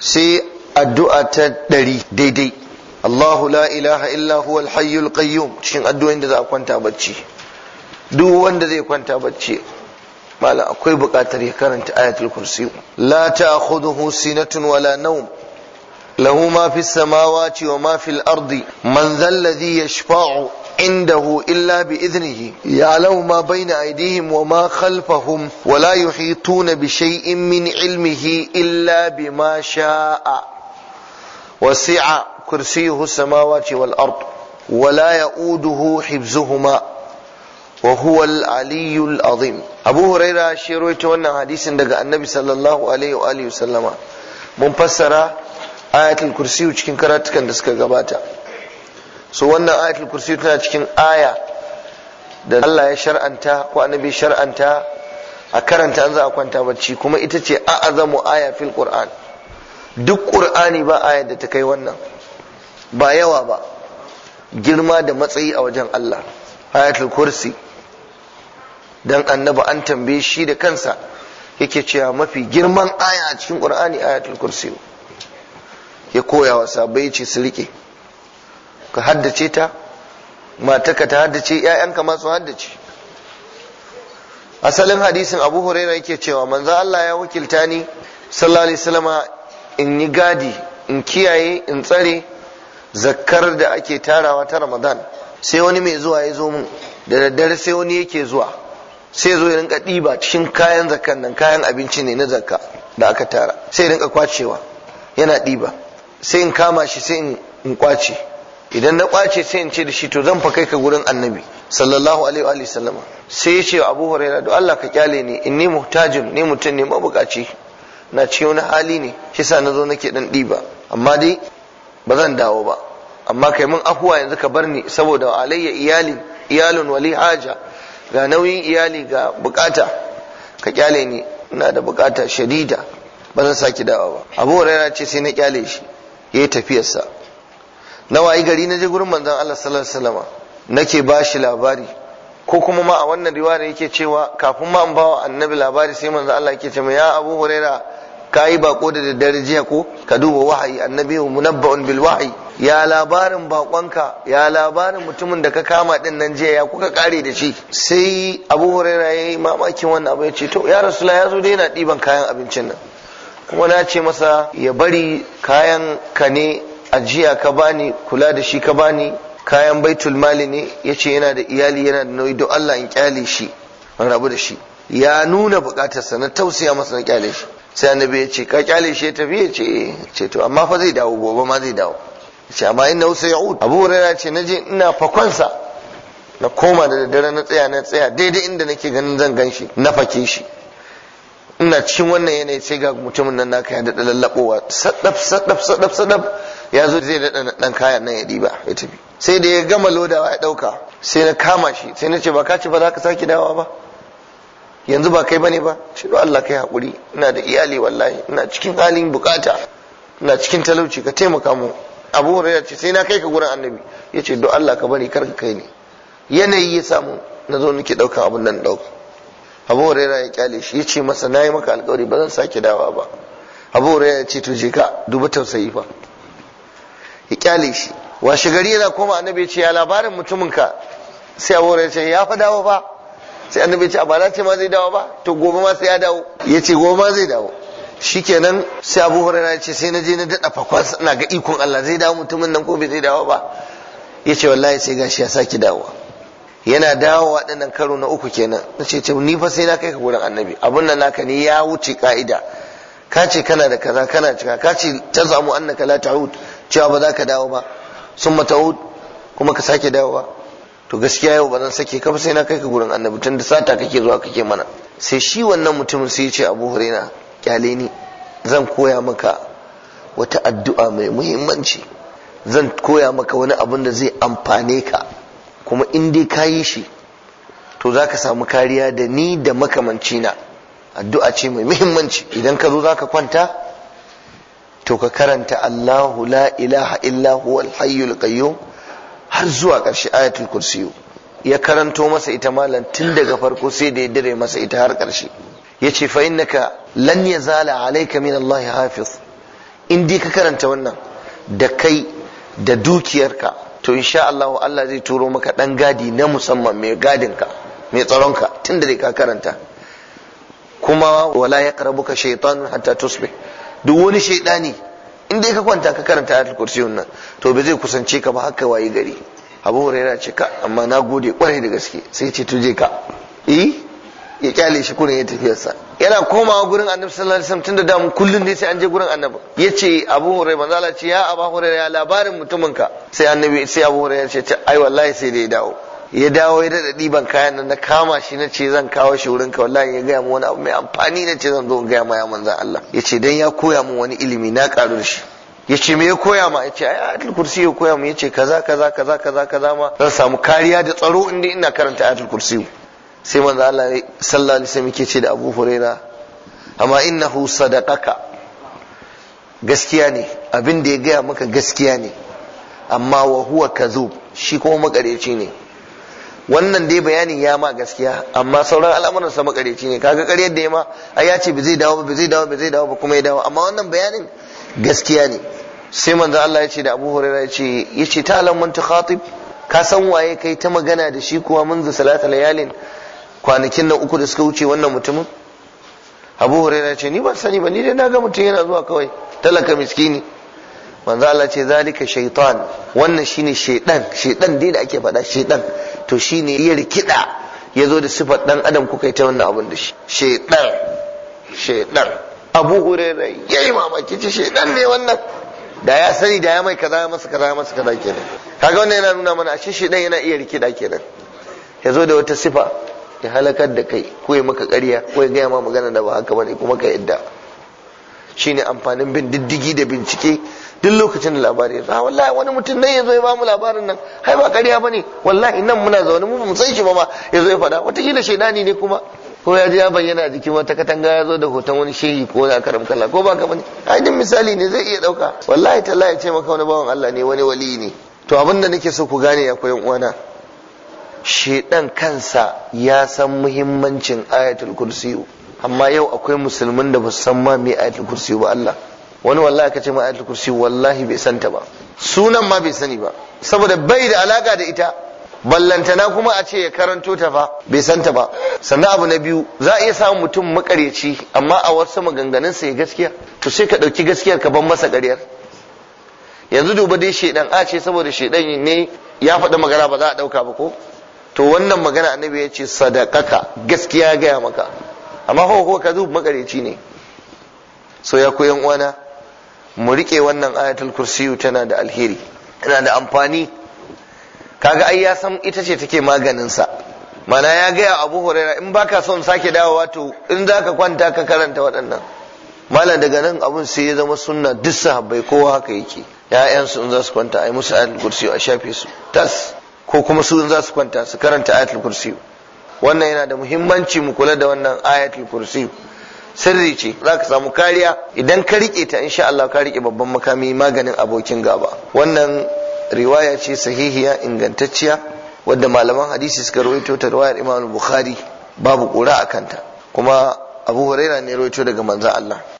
sai addu'a ta ɗari daidai Allahu la ilaha illa huwal hayyul qayyum cikin addu'o'in da za a kwanta bacci duk wanda zai kwanta bacci malam akwai buƙatar ya karanta ayatul kursi la ta'khudhuhu sinatun wala nawm lahu ma fis samawati wa ma fil ardi man dhal ladhi yashfa'u عنده إلا بإذنه يعلم ما بين أيديهم وما خلفهم ولا يحيطون بشيء من علمه إلا بما شاء وسع كرسيه السماوات والأرض ولا يؤوده حفظهما وهو العلي العظيم أبو هريرة شيرويت وانا حديث دقاء النبي صلى الله عليه وآله وسلم منفسرة آية الكرسي وشكين كراتك دسك قباتا so wannan ayatul kursi tana cikin aya da Allah ya shar'anta ko annabi shar'anta a karanta an za a kwanta bacci kuma ita ce a'azamu aya fil qur'an duk qur'ani ba aya da ta kai wannan ba yawa ba girma da matsayi a wajen Allah ayatul kursi dan annabi an tambaye shi da kansa yake cewa mafi girman aya a cikin qur'ani ayatul kursi ya koya wa sabai ce su rike ka haddace ta mataka ta haddace ƴaƴanka ma su haddace asalin hadisin abu huraira yake cewa manzo Allah ya wakilta ni sallallahu alaihi wasallama in yi gadi in kiyaye in tsare zakkar da ake tarawa ta ramadan sai wani mai zuwa ya zo mun da daddare sai wani yake zuwa sai zo ya rinka ɗiba cikin kayan zakkan nan kayan abinci ne na zakka da aka tara sai ya rinka kwacewa yana ɗiba sai in kama shi sai in kwace idan na kwace sai in ce da shi to zan fa ka gurin annabi sallallahu alaihi wa sallama sai ya ce wa abu huraira da Allah ka kyale ni In ni muhtajin ni mutum ne mabukaci na cikin wani hali ne shi sa na zo nake dan diba amma dai ba zan dawo ba amma kai mun afuwa yanzu ka bar ni saboda alayya iyali iyalun wali haja ga nauyin iyali ga bukata ka kyale ni ina da bukata shadida ba zan saki dawo ba abu huraira ce sai na kyale shi yayi tafiyarsa na wayi gari na je gurin manzon Allah sallallahu alaihi wasallam nake ba shi labari ko kuma ma a wannan riwaya yake cewa kafin ma an bawa annabi labari sai manzon Allah yake cewa ya Abu Huraira yi bako da daddare jiya ko ka duba wahayi annabi munabba'un bil wahyi ya labarin bakonka ya labarin mutumin da ka kama din nan jiya ya kuka kare da shi sai Abu Huraira yayi mamakin wannan abu yace to ya Rasulullah ya zo dai yana diban kayan abincin nan kuma na ce masa ya bari kayan ka ne ajiya ka bani kula da shi ka bani kayan baitul mali ne yace yana da iyali yana da nauyi don Allah in kyale shi An rabu da shi ya nuna bukatarsa na tausaya masa na kyale shi sai annabi ya ce ka kyale shi ya tafi ya ce eh. to amma fa zai dawo gobe ma zai dawo ce amma inna husa ya'ud abu hurairah ce naje ina fakonsa na koma da daddare na tsaya na tsaya daidai inda nake ganin zan ganshi. na fake shi ina cikin wannan yanayi sai ga mutumin nan naka ya dada lallabowa sadaf sadaf sadaf sadaf ya zo zai daɗa ɗan kayan nan ya ɗiba ya tafi sai da ya gama lodawa ya ɗauka sai na kama shi sai na ce ba ka ci ba za ka sake dawa ba yanzu ba kai bane ba shi do Allah kai haƙuri ina da iyali wallahi ina cikin halin bukata ina cikin talauci ka taimaka mu abu ya ce sai na kai ka gurin annabi ya ce do Allah ka bari kar ka kai ni yanayi ya samu na zo nake ɗaukan abin nan ɗauka abu hurairah ya kyale shi ya ce masa na yi maka alƙawari ba zan sake dawa ba abu hurairah ya ce to je ka duba tausayi fa ya kyale shi washe gari yana koma annabi ce ya labarin mutumin ka sai a wura ce ya fa dawo sai annabi ce a ba ce ma zai dawo ba to gobe ma sai ya dawo ya ce gobe ma zai dawo shikenan sai abu hurairah ya ce sai na je na daɗa fakwas na ga ikon Allah zai dawo mutumin nan ko bai zai dawo ba ya ce wallahi sai gashi ya saki dawowa yana dawo waɗannan karo na uku kenan na ce ce ni fa sai na kai ka gurin annabi abun nan naka ne ya wuce ka'ida ka ce kana da kaza kana cika ka ce ta zamu annaka la ta'ud cewa ba za ka dawo ba sun mata'ud kuma ka sake dawo ba? to gaskiya yau ba zan sake ka sai na kai ka gurin annabi tun da sata kake zuwa kake mana sai shi wannan mutumin sai ya ce abu huraina kyale ni zan koya maka wata addu'a mai muhimmanci zan koya maka wani abin da zai amfane ka kuma in dai ka yi shi to za ka samu kariya da ni da makamanci na addu'a ce mai muhimmanci idan ka zo za ka kwanta to ka karanta Allahu la ilaha illa huwal hayyul qayyum har zuwa ƙarshe ayatul kursiyu ya karanto masa ita malam tun daga farko sai da ya dire masa ita har ƙarshe yace fa innaka lan yazala alayka min Allah hafiz in dai ka karanta wannan da kai da dukiyarka to insha Allah Allah zai turo maka dan gadi na musamman mai gadin ka mai tsaron ka tun da ka karanta kuma wala yaqrabuka shaytanun hatta tusbih duk wani shaidani in dai ka kwanta ka karanta ayatul kursi nan to ba zai kusance ka ba haka waye gari abu huraira ce ka amma na gode kwarai da gaske sai ce tuje ka eh ya kyale shi kurin ya tafiyarsa yana komawa gurin annabi sallallahu alaihi wasallam tunda damu kullun ne sai an je gurin annabi yace abu hurairah manzo Allah ce ya abu ya labarin mutumin ka sai annabi sai abu ya ce ai wallahi sai dai dawo ya dawo ya daɗa ɗiban kayan nan na kama shi na ce zan kawo shi wurin ka wallahi ya gaya mu wani abu mai amfani na ce zan zo in gaya ma ya manzan Allah ya ce dan ya koya mun wani ilimi na ƙaru da shi ya ce me ya koya ma ya ce ai ayatul kursi ya koya mu ya kaza kaza kaza kaza kaza ma zan samu kariya da tsaro inda ina karanta ayatul kursi sai manzan Allah sallallahu alaihi wasallam yake ce da Abu Huraira amma innahu sadaqaka gaskiya ne abin da ya gaya maka gaskiya ne amma wa huwa kazub shi kuma makareci ne wannan dai bayanin ya ma gaskiya amma sauran al'amuran sa makareci ne kaga kare yadda ya ma ai ya ce ba zai dawo ba zai dawo ba zai dawo ba kuma ya dawo amma wannan bayanin gaskiya ne sai manzo Allah ya ce da Abu Hurairah ya ce yace ta alam man khatib ka san waye kai ta magana da shi kuwa munzu salata layalin kwanakin nan uku da suka wuce wannan mutumin Abu Hurairah ya ce ni ban sani ba ni dai na ga mutum yana zuwa kawai talaka miskini manzo Allah ce zalika shaitan wannan shine shaidan shaidan dai da ake faɗa shaidan to shine ya rikida ya zo da sifar dan adam kuka yi ta wannan abin da shi shaidan shaidan abu huraira yayi mamaki ce shaidan ne wannan da ya sani da ya mai kaza masa kaza masa kaza kenan kaga wannan yana nuna mana shi shaidan yana iya rikida kenan ya zo da wata sifa ya halakar da kai ko ya maka ƙarya ko ya gaya ma magana da ba haka bane kuma ka yadda shine amfanin bin diddigi da bincike duk lokacin da labari ya ah, wallahi wani mutum ne ya zo ya bamu labarin nan hai ba ƙarya bane wallahi nan muna zaune mu mun san shi ba ma ya zo ya faɗa wataƙila shaidani ne kuma ko ya ji ya bayyana jikin wata katanga ya zo da hoton wani shehi ko na karam kala ko ba ka bane ai din misali ne zai iya ɗauka wallahi ta ya ce maka wani bawan Allah ne wani wali ne to abin da nake so ku gane ya koyan uwana shedan kansa ya san muhimmancin ayatul kursiyu amma yau akwai musulmin da ba san ma me ayatul kursiyu ba Allah wani wallahi aka ce ma kursi wallahi bai santa ba sunan ma bai sani ba saboda bai da alaka da ita ballantana kuma a ce ya karanto ta fa bai santa ba sannan abu na biyu za a iya samun mutum makareci amma a wasu maganganun sa ya gaskiya to sai ka dauki gaskiyar ka ban masa ƙaryar yanzu duba dai shedan a ce saboda shedan ne ya faɗi magana ba za a ɗauka ba ko to wannan magana annabi ya ce sadakaka gaskiya ya gaya maka amma ko ka zu makareci ne so ya koyan uwana mu rike wannan ayatul kursi tana da alheri tana da amfani kaga ai ya san ita ce take maganin sa mana ya gaya abu huraira in baka son sake dawowa to in zaka kwanta ka karanta waɗannan malam daga nan abun sai ya zama sunna duk sahabbai kowa haka yake su in za su kwanta ai musu ayatul kursiyu a shafe su tas ko kuma su in za su kwanta su karanta ayatul kursi. wannan yana da muhimmanci mu kula da wannan ayatul kursiyu sirri ce za ka samu kariya idan ka rike ta insha Allah ka rike babban makami maganin abokin gaba wannan riwaya ce sahihiya ingantacciya wadda malaman hadisi suka rawaito ta riwayar Imam Bukhari babu kura a kanta kuma Abu Huraira ne rawaito daga manzon Allah